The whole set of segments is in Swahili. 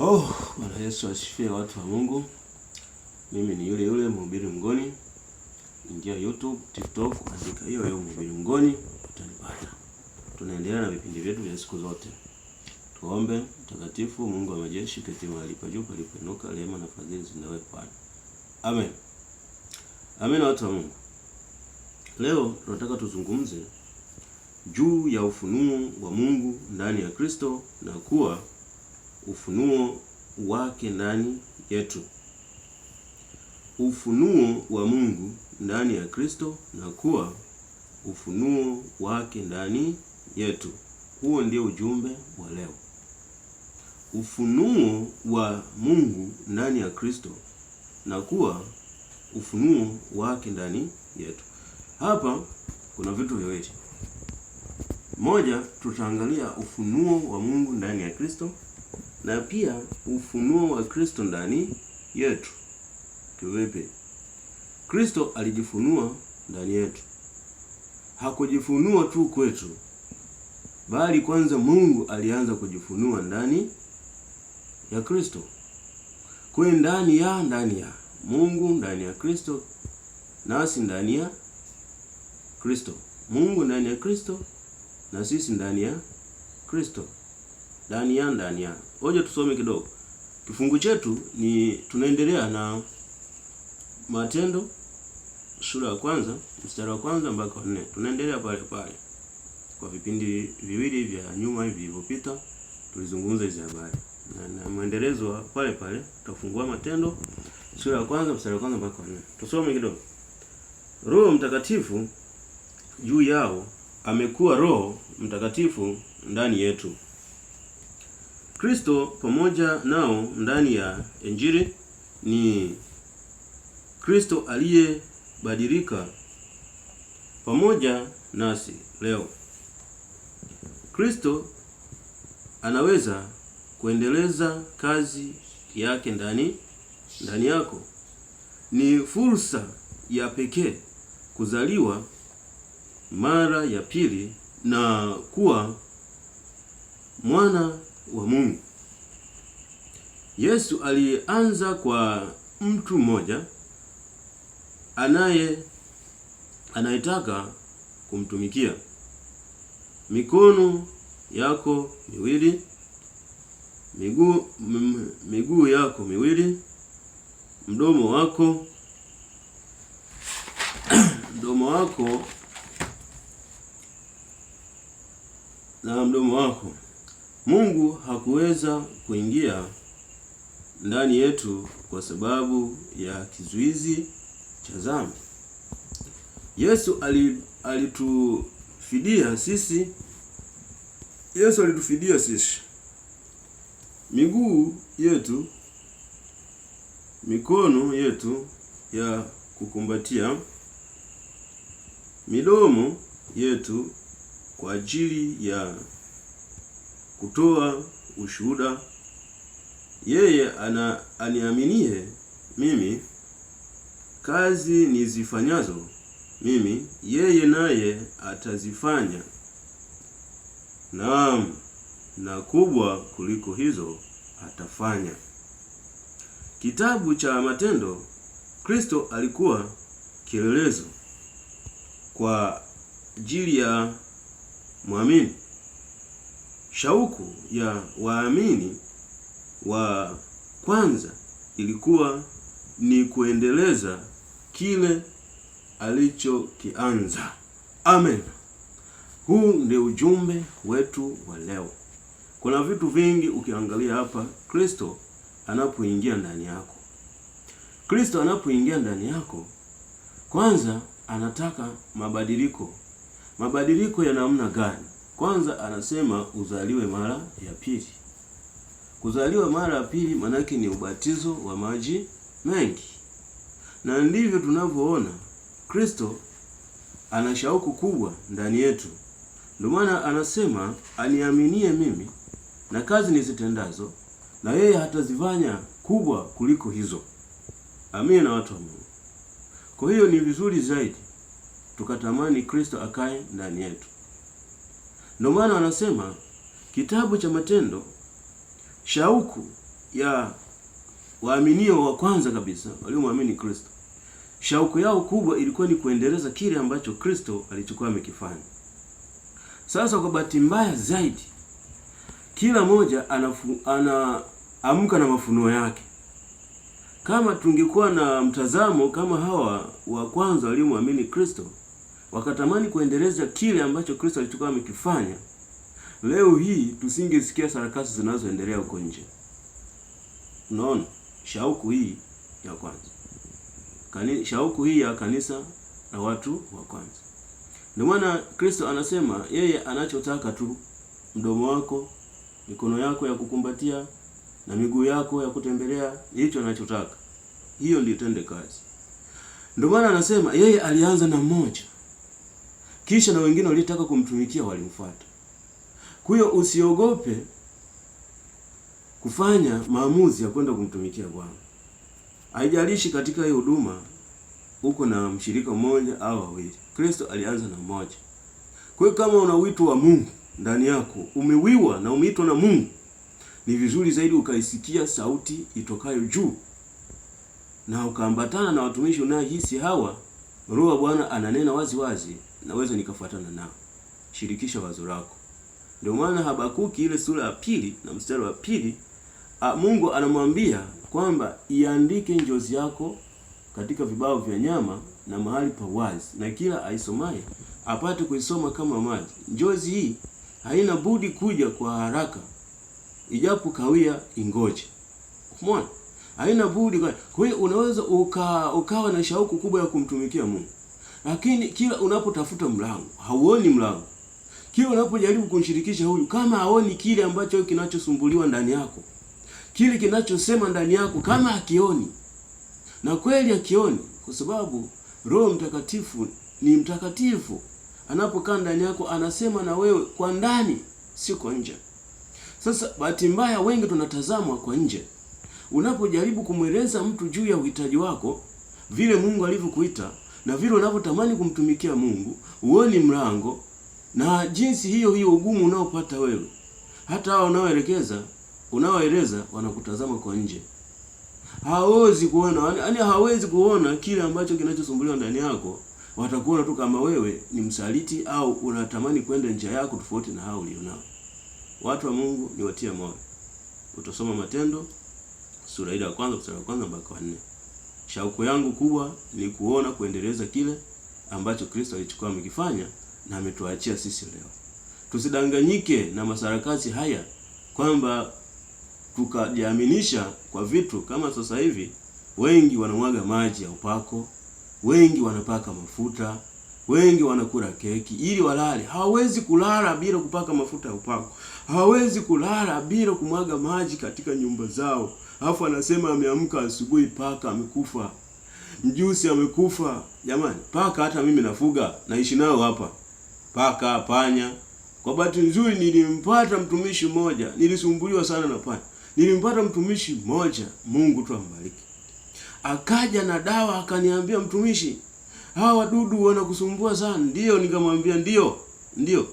Oh, Bwana Yesu asifiwe watu wa Mungu. Mimi ni yule yule mhubiri mngoni. Ingia YouTube, TikTok, andika hiyo hiyo mhubiri mngoni utanipata. Tunaendelea na vipindi vyetu vya siku zote. Tuombe mtakatifu Mungu wa majeshi keti mahali pa juu palipoinuka rehema na fadhili zinawe kwani. Amen. Amen watu wa Mungu. Leo tunataka tuzungumze juu ya ufunuo wa Mungu ndani ya Kristo na kuwa ufunuo wake ndani yetu, ufunuo wa Mungu ndani ya Kristo na kuwa ufunuo wake ndani yetu. Huo ndio ujumbe wa leo. Ufunuo wa Mungu ndani ya Kristo na kuwa ufunuo wake ndani yetu. Hapa kuna vitu viwili. Moja, tutaangalia ufunuo wa Mungu ndani ya Kristo na pia ufunuo wa Kristo ndani yetu. Kivipi? Kristo alijifunua ndani yetu, hakujifunua tu kwetu, bali kwanza Mungu alianza kujifunua ndani ya Kristo. Kwa ndani ya ndani ya Mungu ndani ya Kristo, nasi ndani ya Kristo. Mungu ndani ya Kristo na sisi ndani ya Kristo ndani ya. Ngoja tusome kidogo. Kifungu chetu ni tunaendelea na Matendo sura ya kwanza mstari wa kwanza mpaka nne. Tunaendelea pale pale. Kwa vipindi viwili vya nyuma hivi vilivyopita tulizungumza hizo habari. Na, na mwendelezo wa pale pale tutafungua Matendo sura ya kwanza mstari wa kwanza mpaka nne. Tusome kidogo. Roho Mtakatifu juu yao amekuwa Roho Mtakatifu ndani yetu Kristo pamoja nao ndani ya Injili ni Kristo aliyebadilika pamoja nasi leo. Kristo anaweza kuendeleza kazi yake ndani ndani yako. Ni fursa ya pekee kuzaliwa mara ya pili na kuwa mwana wa Mungu. Yesu alianza kwa mtu mmoja anaye anayetaka kumtumikia. Mikono yako miwili, miguu miguu yako miwili, mdomo wako mdomo wako na mdomo wako Mungu hakuweza kuingia ndani yetu kwa sababu ya kizuizi cha dhambi. Yesu alitufidia sisi, Yesu alitufidia sisi miguu yetu, mikono yetu ya kukumbatia, midomo yetu kwa ajili ya kutoa ushuhuda, yeye ana aniaminie mimi, kazi nizifanyazo mimi, yeye naye atazifanya, naam, na kubwa kuliko hizo atafanya. Kitabu cha Matendo, Kristo alikuwa kielelezo kwa ajili ya mwamini. Shauku ya waamini wa kwanza ilikuwa ni kuendeleza kile alichokianza. Amen. Huu ndio ujumbe wetu wa leo. Kuna vitu vingi ukiangalia hapa, Kristo anapoingia ndani yako, Kristo anapoingia ndani yako, kwanza anataka mabadiliko. Mabadiliko ya namna gani? Kwanza anasema uzaliwe mara ya pili. Kuzaliwa mara ya pili maanake ni ubatizo wa maji mengi, na ndivyo tunavyoona Kristo ana shauku kubwa ndani yetu. Ndio maana anasema aniaminie mimi na kazi nizitendazo na yeye hatazifanya kubwa kuliko hizo. Amina na watu wa Mungu. Kwa hiyo ni vizuri zaidi tukatamani Kristo akae ndani yetu. Ndio maana wanasema kitabu cha Matendo, shauku ya waaminio wa kwanza kabisa waliomwamini Kristo, shauku yao kubwa ilikuwa ni kuendeleza kile ambacho Kristo alichokuwa amekifanya. Sasa kwa bahati mbaya zaidi, kila moja anafu, anaamka na mafunuo yake. Kama tungekuwa na mtazamo kama hawa wa kwanza waliomwamini Kristo wakatamani kuendeleza kile ambacho Kristo alichokuwa amekifanya, leo hii tusingesikia sarakasi zinazoendelea huko nje. Unaona shauku hii ya kwanza Kani, shauku hii ya kanisa na watu wa kwanza. Ndio maana Kristo anasema yeye anachotaka tu mdomo wako, mikono yako ya kukumbatia na miguu yako ya kutembelea, hicho anachotaka, hiyo ndio tende kazi. Ndio maana anasema yeye alianza na mmoja kisha na wengine waliotaka kumtumikia walimfuata. Kwa hiyo usiogope kufanya maamuzi ya kwenda kumtumikia Bwana. Haijalishi katika hii huduma uko na mshirika mmoja au wawili, Kristo alianza na mmoja. Kwa hiyo kama una wito wa Mungu ndani yako, umewiwa na umeitwa na Mungu, ni vizuri zaidi ukaisikia sauti itokayo juu na ukaambatana na watumishi unayohisi hawa, Roho wa Bwana ananena wazi wazi naweza nikafuatana nao. Shirikisha wazo lako. Ndio maana Habakuki ile sura ya pili na mstari wa pili a, Mungu anamwambia kwamba iandike njozi yako katika vibao vya nyama na mahali pa wazi, na kila aisomaye apate kuisoma kama maji. Njozi hii haina budi kuja kwa haraka, ijapo kawia ingoje. Umeona? Haina budi. Kwa hiyo unaweza uka, ukawa na shauku kubwa ya kumtumikia Mungu. Lakini kila unapotafuta mlango, hauoni mlango. Kila unapojaribu kumshirikisha huyu, kama haoni kile ambacho kinachosumbuliwa ndani yako, kile kinachosema ndani yako, kama akioni, na kweli akioni, kwa sababu Roho Mtakatifu ni mtakatifu. Anapokaa ndani yako, anasema na wewe kwa ndani, si kwa nje. Sasa bahati mbaya, wengi tunatazamwa kwa nje. Unapojaribu kumweleza mtu juu ya uhitaji wako, vile Mungu alivyokuita na vile unavyotamani kumtumikia Mungu uoni mlango, na jinsi hiyo hiyo ugumu unaopata wewe, hata hao unaoelekeza unaoeleza wanakutazama kwa nje, hawezi kuona yaani, yaani hawezi kuona kile ambacho kinachosumbuliwa ndani yako. Watakuona tu kama wewe ni msaliti au unatamani kwenda njia yako tofauti na hao ulionao. Watu wa Mungu ni watia moyo. Utasoma Matendo sura ile ya kwanza mstari wa kwanza mpaka wa nne. Shauku yangu kubwa ni kuona kuendeleza kile ambacho Kristo alichukua amekifanya na ametuachia sisi leo. Tusidanganyike na masarakasi haya kwamba tukajiaminisha kwa vitu kama sasa hivi, wengi wanamwaga maji ya upako, wengi wanapaka mafuta Wengi wanakula keki ili walale. Hawawezi kulala bila kupaka mafuta ya upako, hawawezi kulala bila kumwaga maji katika nyumba zao. Alafu anasema ameamka asubuhi, paka amekufa, mjusi amekufa. Jamani, paka hata mimi nafuga, naishi nao hapa, paka, panya. Kwa bahati nzuri nilimpata mtumishi mmoja, nilisumbuliwa sana na panya. Nilimpata mtumishi mmoja, Mungu tu ambariki, akaja na dawa akaniambia, mtumishi hawa wadudu wanakusumbua sana. Ndio, nikamwambia ndio, ndio.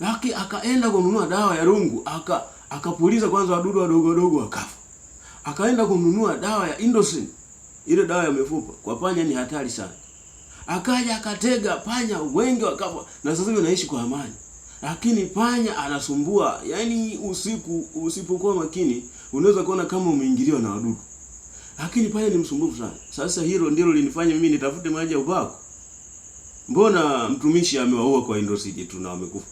Laki akaenda kununua dawa ya rungu, aka akapuliza kwanza wadudu wadogo wadogo wakafa. Akaenda kununua dawa ya Indocin, ile dawa ya mifupa kwa panya, ni hatari sana. Akaja akatega panya wengi wakafa, na sasa hivi naishi kwa amani. Lakini panya anasumbua, yaani usiku usipokuwa makini unaweza kuona kama umeingiliwa na wadudu lakini pale ni msumbufu sana. Sasa hilo ndilo linifanya mimi nitafute maji ya upako. Mbona mtumishi amewaua kwa indosiji tu na wamekufa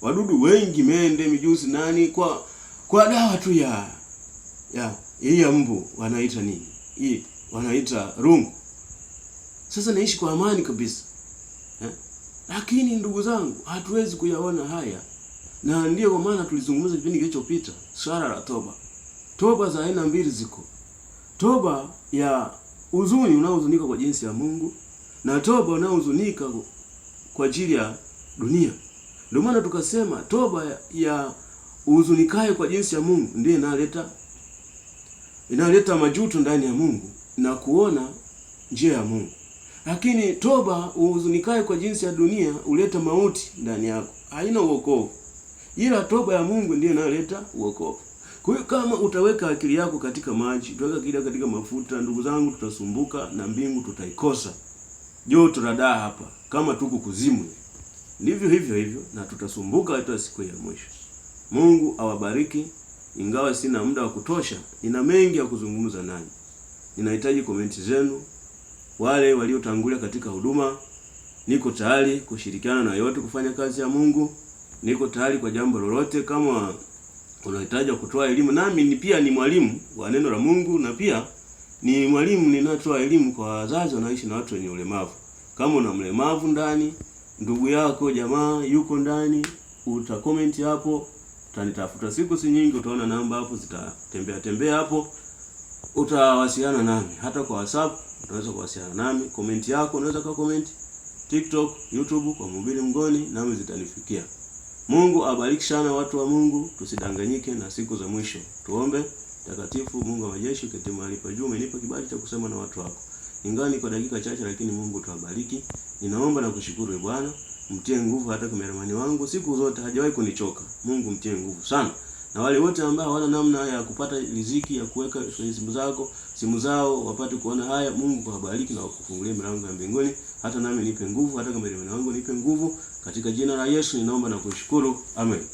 wadudu wengi, mende, mijusi, nani, kwa kwa dawa tu ya ya hii ya mbu wanaita nini hii, wanaita rungu. Sasa naishi kwa amani kabisa eh? Lakini ndugu zangu, hatuwezi kuyaona haya, na ndio kwa maana tulizungumza kipindi kilichopita swala la toba. Toba za aina mbili ziko toba ya huzuni unaohuzunika kwa jinsi ya Mungu na toba unaohuzunika kwa ajili ya dunia. Ndio maana tukasema toba ya uhuzunikaye kwa jinsi ya Mungu ndiyo inaleta inaleta majuto ndani ya Mungu na kuona njia ya Mungu, lakini toba uhuzunikaye kwa jinsi ya dunia huleta mauti ndani yako, haina uokovu, ila toba ya Mungu ndiyo inayoleta uokovu. Kwa hiyo kama utaweka akili yako katika maji, utaweka akili yako katika mafuta, ndugu zangu, tutasumbuka na mbingu tutaikosa. Joto la daa hapa kama tuko kuzimu. Ndivyo hivyo hivyo na tutasumbuka hata siku ya mwisho. Mungu awabariki. Ingawa sina muda wa kutosha, nina mengi ya kuzungumza nanyi. Ninahitaji komenti zenu. Wale waliotangulia katika huduma, niko tayari kushirikiana na yote kufanya kazi ya Mungu. Niko tayari kwa jambo lolote kama unahitaji kutoa elimu. Nami ni pia ni mwalimu wa neno la Mungu na pia ni mwalimu ninatoa elimu kwa wazazi wanaishi na watu wenye ulemavu. Kama una mlemavu ndani, ndugu yako jamaa yuko ndani, uta comment hapo, utanitafuta siku si nyingi, utaona namba hapo zitatembea tembea hapo, utawasiliana nami hata kwa WhatsApp utaweza kuwasiliana nami. Comment yako unaweza ka comment TikTok, YouTube kwa Mhubiri Mngoni, nami zitanifikia. Mungu abariki sana watu wa Mungu, tusidanganyike na siku za mwisho. Tuombe. Takatifu Mungu wa majeshi, keti mahali pa juu, umenipa kibali cha kusema na watu wako, ingawa ni kwa dakika chache, lakini Mungu tuwabariki. Ninaomba na kushukuru Bwana, mtie nguvu hata kameramani wangu, siku zote hajawahi kunichoka. Mungu mtie nguvu sana, na wale wote ambao hawana namna ya kupata riziki ya kuweka simu zako simu zao wapate kuona haya, Mungu kuwabariki na wakufungulie milango ya mbinguni. Hata nami nipe nguvu, hata kama kameramani wangu nipe nguvu katika jina la Yesu ninaomba na kushukuru, amen.